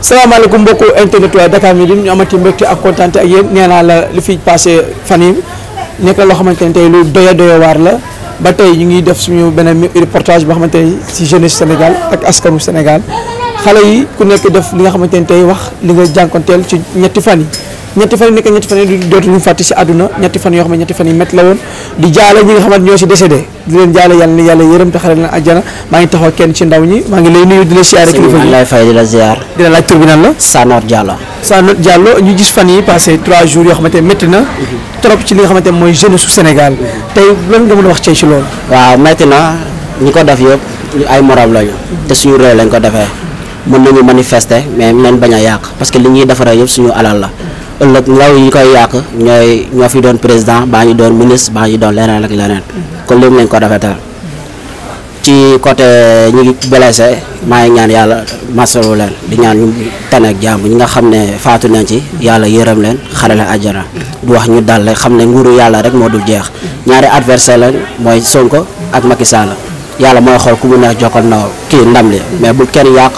salaamaaleykum mbokku internet waaye Dakar Midi ñu amati mbégte ak kontaan ak yéen nee la li fi passé fan yi nekk na loo xamante ne tey lu doya doya waar la ba tey ñu ngi def suñu beneen reportage boo xamante ne ci jeunesse Sénégal ak askanu Sénégal xale yi ku nekk def li nga xamante ne tey wax li nga jànkonteel ci ñetti fan yi. ñetti fan yi nekk ñetti fan yi dootuñu fàtte si àdduna ñetti fan yoo xam ne ñetti fan yi métti la woon di jaale ñi nga xamante ñoo si décédé di leen jaale yàlla na yàlla yërëm leen àjjana maa la siyaare kilifa gi lay fay di la ziar di ñu gis fan yi passé trois jours yoo xamante métti na trop ci li nga xamante mooy jeunesse su Sénégal tey lan nga mën a wax ci ci loolu waaw métti na ñi ko def yëpp ay morom lañu te suñu réew lañ ko defee mën nañu manifester mais leen bañ a yàq parce que li ñuy defaree yëpp suñu alal la ëllëg ndaw yi koy yàq ñooy ñoo fi doon président baa ñu doon ministre baa ñu doon leneen ak leneen kon léegi nañ ko rafetal ci côté ñi ngi blessé maa ngi ñaan yàlla masalu leen di ñaan ñu tane ak jàmm ñi nga xam ne faatu nañ ci yàlla yërëm leen xarale leen àjjana du wax ñu dal xam ne nguuru yàlla rek moo du jeex ñaari adversaire lañ mooy Sonko ak Macky Sall yàlla mooy xool ku mu neex jokkal na kii ndam li mais bu kenn yàq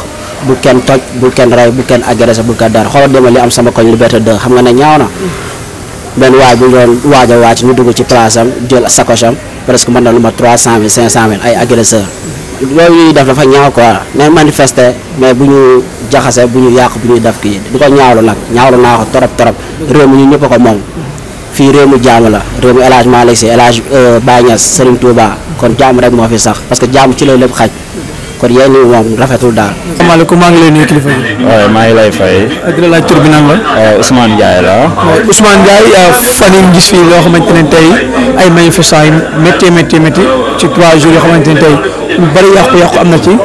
bu kenn toj bu kenn rey bu kenn agressé bu kenn dara xoolal demal li am sama koñ liberté 2 xam nga ne ñaaw na benn waay bu ñu doon waaj a wàcc ñu ci place am jël sacoche presque mën na lu ma 300000 500000 ay agresseur loolu ñuy def dafa ñaaw quoi ne manifester mais bu ñu jaxase bu ñu yàq bu ñuy def kii di ko ñaawlu nag ñaawlu naa ko torop torop réew mi ñu ñëpp a ko moom fii réew mu jaamu la réew mu El Hadj Malick Sy El Hadj euh, Baye kon yàlla ñi moom rafetul daal. asalaamaaleykum maa ngi lay nuyu kilifa bi. maa ngi lay fay. di la laaj tur bi nan la. Euh, Ousmane Ndiaye la. Ousmane Ndiaye euh, fan yi gis fii loo xamante ne tey ay manifestants yu métti métti ci trois jours yoo xamante ne tey lu bari yàqu-yàqu am na ci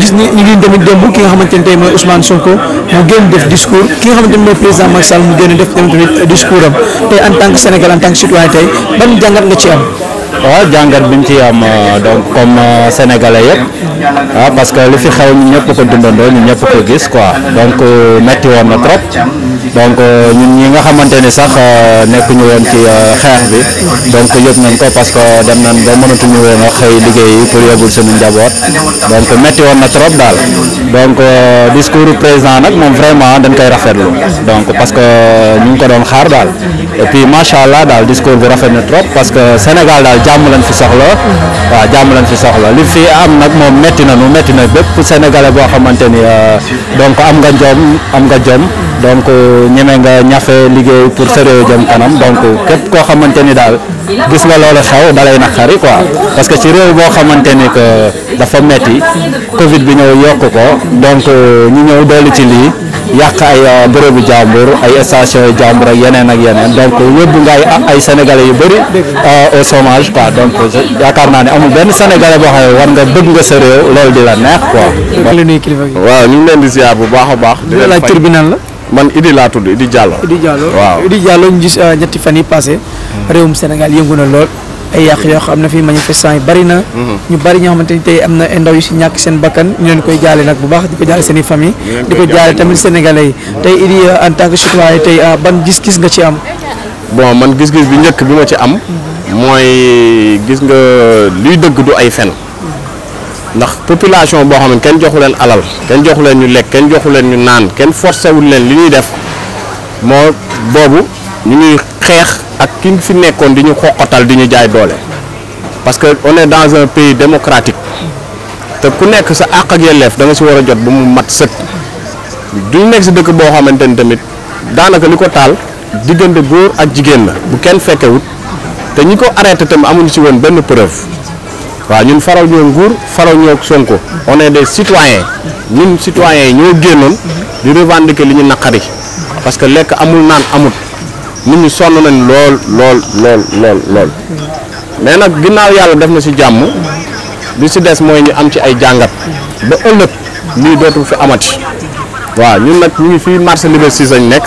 gis ni ñu ngi demit démb ki nga xamante ne tey mooy Ousmane Sonko mu génn def discours ki nga xamante ne mooy président Macky Sall mu génn def tamit discours tey en tant que Sénégal en tant que citoyen tey ban jàngat nga ci am. waaw jàngat bi ñu ci am euh, donc comme euh, sénégalais yëpp ah parce que li fi xew ñu ñëpp ko dundandoo ñu ñëpp ko gis quoi donc euh, metti woon na trop donc ñun ñi nga xamante ni sax nekkuñu woon ci xeex bi donc yëg nañ ko parce que dem nañ ba mënatuñu woon a xëy liggéey yi pour yóbbul suñu njaboot donc metti woon na trop daal donc discours président nag moom vraiment dañ koy rafetlu donc parce que ñu ngi ko doon xaar daal et puis allah daal discours bi rafet na trop parce que Sénégal daal. daal jàmm lañ fi soxla mm-hmm. waaw jàmm lañ fi soxla li fi am nag moom metti na nu metti na bépp sénégalais boo xamante ni euh, donc am nga jom am nga jom mm-hmm. donc euh, ñeme nga ñafe liggéey pour sa réew jëm kanam donc képp koo xamante ni daal gis nga loolu xew dalay naqari quoi parce que ci réew boo xamante ni que dafa metti covid bi ñëw yokk ko donc euh, ñu ñëw dolli ci lii yàq ay bërëbu jàmbur ay station yu jàmbur ak yeneen ak yeneen ay sénégalais yu bëri au chômage voyage donc yaakaar naa ne amul benn sénégalais boo xam ne war nga bëgg nga sa réew loolu di la neex quoi. waaw ñu ngi leen di ziar bu baax a baax. di leen fay la. man Idi laa tudd Idi Diallo. Idi Diallo waaw Idi Diallo ñu euh, ñetti fan yi passé. réewum Sénégal yëngu na lool. yàq yoo xam ne fii manifestant yi bari na. Mhm. ñu bari ñoo xamante ni tey am na ndaw yu si ñàkk seen bakkan ñu leen koy jaale nag bu baax di ko jaale seen i famille. di ko jaale tamit sénégalais yi. tey Idi euh, en tant que citoyen tey euh, ban gis-gis nga ci am. bon man gis-gis bi njëkk bi ma ci am. mooy gis nga luy dëgg du ay fen ndax population boo xam ne kenn joxu leen alal kenn joxu leen ñu lekk kenn joxu leen ñu naan kenn forcé wul leen li ñuy def moo boobu ñu ngi xeex ak ki fi nekkoon di ñu xoqatal di ñu jaay doole parce que on est dans un pays démocratique te ku nekk sa àq ak yelleef da nga si war a jot ba mu mat sëkk du nekk si dëkk boo xamante ni tamit daanaka li ko taal diggante góor ak jigéen la bu kenn fekkewut te ñi ko arrêté tam amuñu ci woon benn preuve waaw ñun faraw ñoo nguur faraw ñoo Sonko on est des citoyens ñun citoyens yi ñoo génnoon di revendiquer li ñu naqari parce que lekk amul naan amut nit ñi sonn nañ lool lool lool lool lool mais nag ginnaaw yàlla def na ci jàmm li si des mooy ñu am ci ay jàngat ba ëllëg lii dootul fi amati waaw ñun nag ñu ngi fii marché Liberté 6 lañ nekk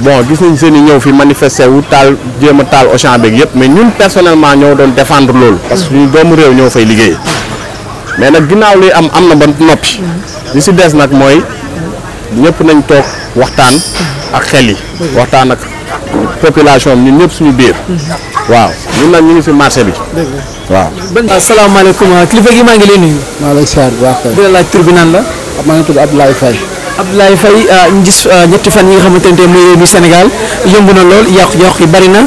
bon gis nañu seen i ñëw fi manifester wu taal jéem a taal Auchan beeg yëpp mais ñun personnellement ñoo doon défendre loolu. parce que ñu doomu réew ñoo fay liggéey mais nag ginnaaw li am am na ba noppi. li si des nag mooy ñëpp nañ toog waxtaan ak xel yi. waxtaan ak population ñun ñëpp suñu biir. waaw ñun nag ñu ngi si marché bi. waaw. asalaamaaleykum kilifa gi maa ngi lay yi maa ngi lay siyaar bu baax. di la laaj tur bi nan la. maa ngi tudd Abdoulaye Faye. Abdoulaye Faye euh, ñu gis euh, ñetti fan yi nga xamante ne tey mooy réew mi Sénégal yëngu na lool yàqu-yàqu yi bari na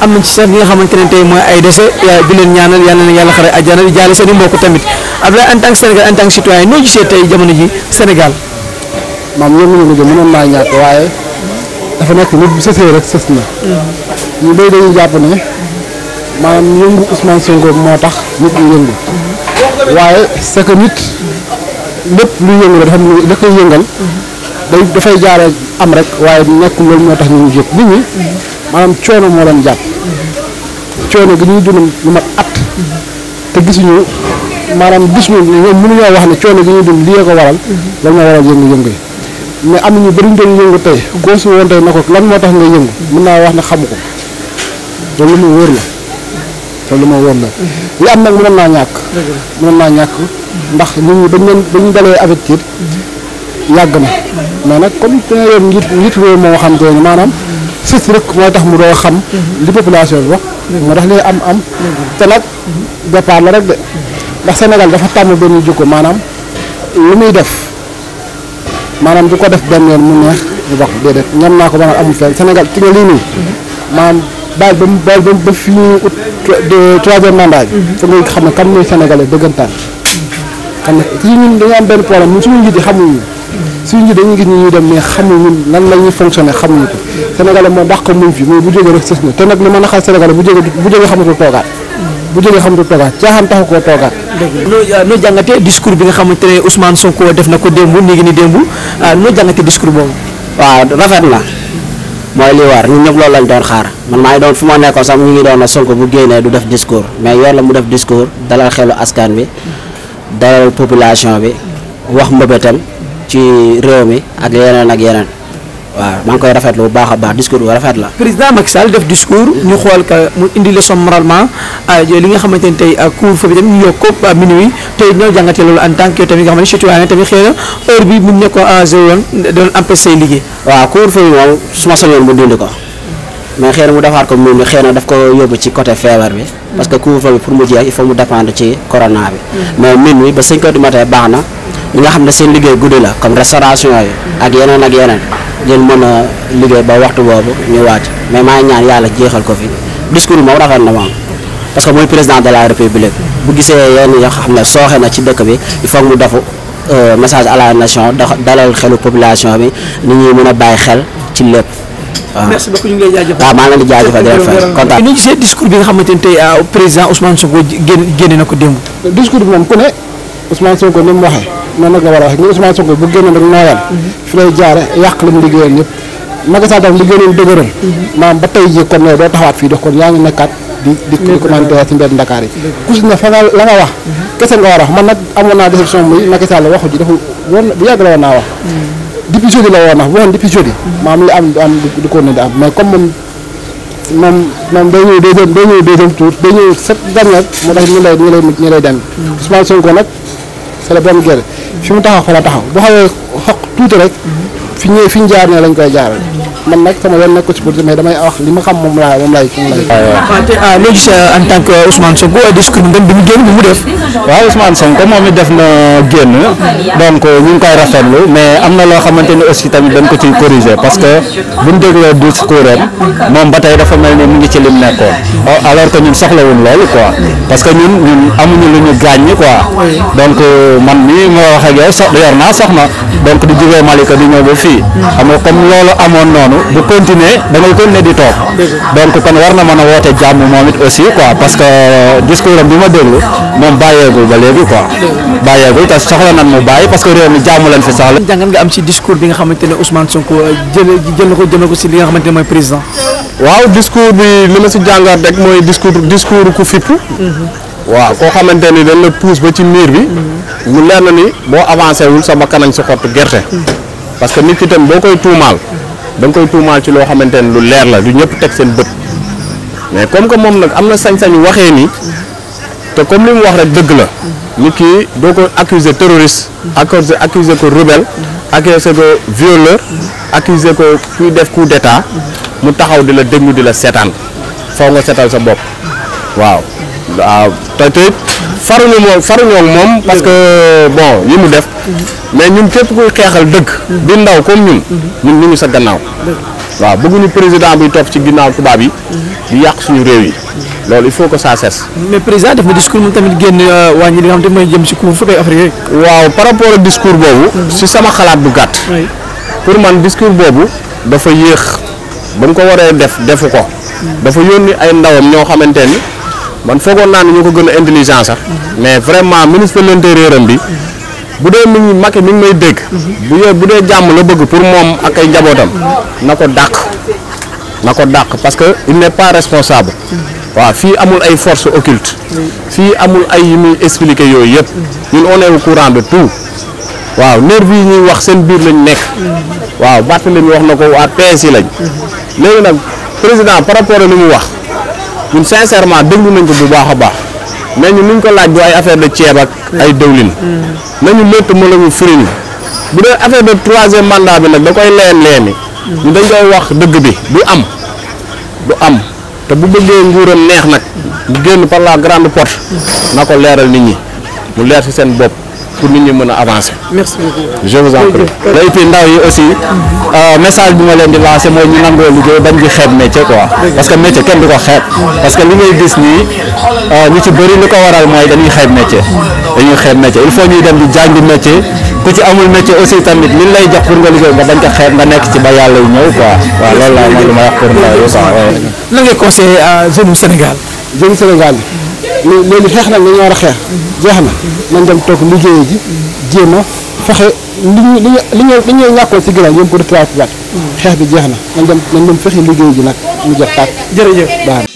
am na ci sax ñi nga xamante ne tey mooy ay décès di leen ñaanal yal na yàlla xare àjjana di jaale seen i mbokk tamit Abdoulaye en tant que Sénégal en tant que citoyen noo gisee tey jamono ji Sénégal. maam yëngu na lu jëm mënoon naa ñàkk waaye dafa nekk nit bu sësee rek sës na. ñu béy dañuy jàpp ne maanaam yëngu Ousmane Sonko moo tax nit ñu yëngu waaye c'est que nit. lépp lu yëngu la dafa da koy yëngal dafay jaare am rek waaye nekk loolu moo tax ñu jóg nit ñi maanaam coono moo leen jàpp coono gi ñuy dund lu mat at te gisuñu maanaam gis ñu ñoom mënuñoo wax ne coono gi ñuy dund lii ko waral lan moo waral yëngu-yëngu yi mais am na ñu bëriñ doon yëngu tey koo si tey na ko lan moo tax nga yëngu mën naa wax ne xamu ko loolu lu mu la te lu ma wóor la li am nag mënoon naa ñàkk mënoon naa ñàkk ndax nit ñi bañ leen bañ dalee affectir yàgg nag comme dina leen njiit njiit réew moo xam te ne maanaam sës rek mooy tax mu doo xam li population bi wax moo tax li am am te nag départ la rek de ndax Sénégal dafa tàmm benn jikko maanaam lu muy def maanaam du ko def benn yoon mu neex ñu wax déedéet ñam naa ko maanaam amul fenn Sénégal ci nga lii nii daal ba daal ba fi ñu de troisième mandat bi. fa mhm. nga xam ne kan mooy sénégalais dëggantaan. xam ne fii ñun dañoo am benn problème ñun suñu njiit yi xamuñu suñu njiit dañuy gis ñu dem mais xamuñu nan la ñuy fonctionné xamuñu ko sénégalais moom dàq mu fi mais bu jógee rek sës na te nag li ma naxal sénégalais bu jógee bu jógee xamatul toogaat. bu jógee xamatul toogaat caaxaan taxu koo toogaat. dëgg noo jàngatee discours bi nga xamante ne Ousmane Sonko def na ko démb nii ngi ni démb ah, noo jàngatee discours boobu. waaw rafet na. mooy lii waar ñun ñëpp loolu lañ doon xaar man maa ngi doon fu ma nekkoon sax ñu ngi doon a Sonko bu génnee du def discours mais yor la mu def discours dalal xelu askan bi dalal population bi wax mbëbëtam ci réew mi ak yeneen ak yeneen. waa maa ngi koy rafetlu bu baax a baax discours bu rafet la. président Macky Sall def discours. ñu xool que mu indi leçon moralement ah, li nga xamante ni tey ah, couvre-feu bi tamit ñu yokk ko ah, minuit tey ñoo jàngatee loolu en tant que yow tamit nga xam ne citoyen tamit xëy na heure bi mun ne ko zéro yoon doon empêcher say liggéey. waaw couvre-feu bi moom su ma mu dindi ko mais xëy mu defaat ko moom xëy na daf ko yóbbu ci côté feebar bi. parce que couvre-feu bi pour mu jeex il faut mu dépendre ci corona bi. Mm-hmm. mais minuit ba 5 baax na. ñi nga xam ne seen liggéey guddi la comme ak yeneen. ngeen mën a liggéey ba waxtu boobu ñu wàcc mais maa ngi ñaan yàlla jeexal ko fi discours moom rafet na moom parce muy président de la république bu gisee yenn yoo xam ne sooxe na ci dëkk bi il mu dafu euh, message à la nation dalal xelu population bi ni ñuy mën a bàyyi xel ci lépp. waaw merci maa ngi leen di jaajëfal di leen fay bi nga xamante ne tey euh, président Ousmane Sonko génn génne na ko démb. discours bi moom ku ne. Ousmane Sonko ni mu waxee noonu nag la war a waxee nga Ousmane Sonko bu génnoon rek nooyal fi lay jaare yàq li mu liggéeyal ñëpp Macky Sall tam liggéey noonu a wax naa déception muy Macky Sall waxu ji dafa woon bu yàgg la woon naa wax mm. depuis jeudi la woon wax bu waxoon depuis jeudi mm. ko ne lay ñu lay ñu lay dem mm. Ousmane Sonko nag fa la benn gerte fi mu taxaw fa la taxaw bu xawee xoq tuuti rek fi ñëwee fi ñu jaar ne lañ koy jaaral man nag sama yoon nekk ko ci pour mais damay wax li ma xam moom laa moom laay moom laay. Ah, ah, ah, mu def. waaw na génn donc ñu ngi koy rafetlu mais am na loo xamante ni aussi dañ ko ciy corriger parce que bu ñu dégloo discours am moom ba tey dafa mel ni mu ngi ci lim nekkoon oh, alors que ñun soxlawul loolu quoi parce que ñun ñun amuñu lu ñu gaañ quoi donc euh, man mii ma wax ak yow so naa soxna donc di jógee Malika di ñëw fii xam nga comme loolu amoon noonu bu continuer da ngay continuer di toog donc kon war na mën a woote jàmm moom it aussi quoi parce que euh, discours am bi ma déglu moom bàyyeegul ba léegi quoi bàyyeegul te soxla nan mu bàyyi parce que réew mi jàmm lañ fi soxla. jàngat nga am ci discours bi nga xamante ne Ousmane Sonko euh, jël ko jëmee ko si li nga xamante ne mooy président. waaw discours bi li ma si jàngat rek mooy discours discours ku fipp. Mhm. waaw koo xamante ni dañ na pousse ba ci miir bi. Mhm. mu leer na ni boo avancé wul sama kanañ si xottu gerte. Mhm. parce que nit ki tam boo koy tuumaal da nga koy tuumaal ci loo xamante ne lu leer la lu ñëpp teg seen bët mais comme que moom nag am na sañ-sañu waxee nii te comme li mu wax rek dëgg la nit ki doo ko accuser terroriste accusé accuser ko rebelle accusé ko violeur accuser ko kuy def coup d'état mu taxaw di la déglu di la seetaan faw nga seetal sa bopp waaw waaw ah, te te faruñu moom faruñoo moom parce que bon li mu def mais ñun képp kuy xeexal dëgg du ndaw comme ñun ñun ñu ngi sa gannaaw waaw bëgguñu président buy topp ci ginnaaw tubaab yi di yàq suñu réew yi loolu il faut que ça cesse. mais président def na discours moom tamit génn euh, wàññi li nga xam te mooy jëm si ku fukki affaire yooyu. waaw par rapport ak discours boobu. si sama xalaat bu gàtt. pour man discours boobu dafa yéex ba mu ko waree def defu ko. dafa yónni a ndawam ñoo xamante ni. man foogoon naa ne ñoo ko gën a intelligent sax mais vraiment ministre de l'intérieur am bi bu dee mi ngi Macky mi ngi may dégg bu yee bu dee jàmm la bëgg pour moom ak ay njabootam na ko dàq na ko dàq parce que il n'est pas responsable waaw fii amul ay force occulte fii amul ay yi muy expliquer yooyu yëpp ñun on est au courant de tout waaw nervi yi ñuy wax seen biir lañ nekk waaw Barthélémy wax na ko waa PS yi lañ léegi nag président par rapport ak li mu wax ñun sincèrement déglu nañ ko bu baax a baax mais ñun niñ ko laaj du ay affaire de ceeb ak ay dëwlin mm. nañu létt mu la ñu firi bu dee affaire de troisième mandat bi nag da koy leen leeni mm. ñu dañ koy wax dëgg bi du am du am te bu bëggee nguuram neex nag génn par la grande porte mm. na ko leeral nit ñi mu leer ci seen bopp pour nit ñi mën a avancer. merci beaucoup je vous en prie. et puis ndaw yi aussi euh, message bi ma leen di lancer mooy ñu nangoo liggéey bañ di xeeb métier quoi parce que métier kenn du ko xeeb parce que li ngay gis nii euh, ñu ci bëri li ko waral mooy dañuy xeeb métier dañuy xeeb métier il faut ñuy dem di jàngi métier. ku ci amul métier aussi tamit li lay jox pour nga liggéey nga bañ ko xeet nga nekk ci ba yàlla ñëw quoi waaw loolu laa mooy lu ma pour ndaw yi quoi. lan ngay conseiller Sénégal. léegi xeex nañ dañoo war a xeex jeex na nañ dem toog liggéey ji jéem a fexe li ñu li ñu li ñu li ñu ñàkkoon ci ginnaaw yéen ko retraité waat xeex bi jeex na nañ dem nañ dem fexe liggéey ji nag mu jot tàkk jërëjëf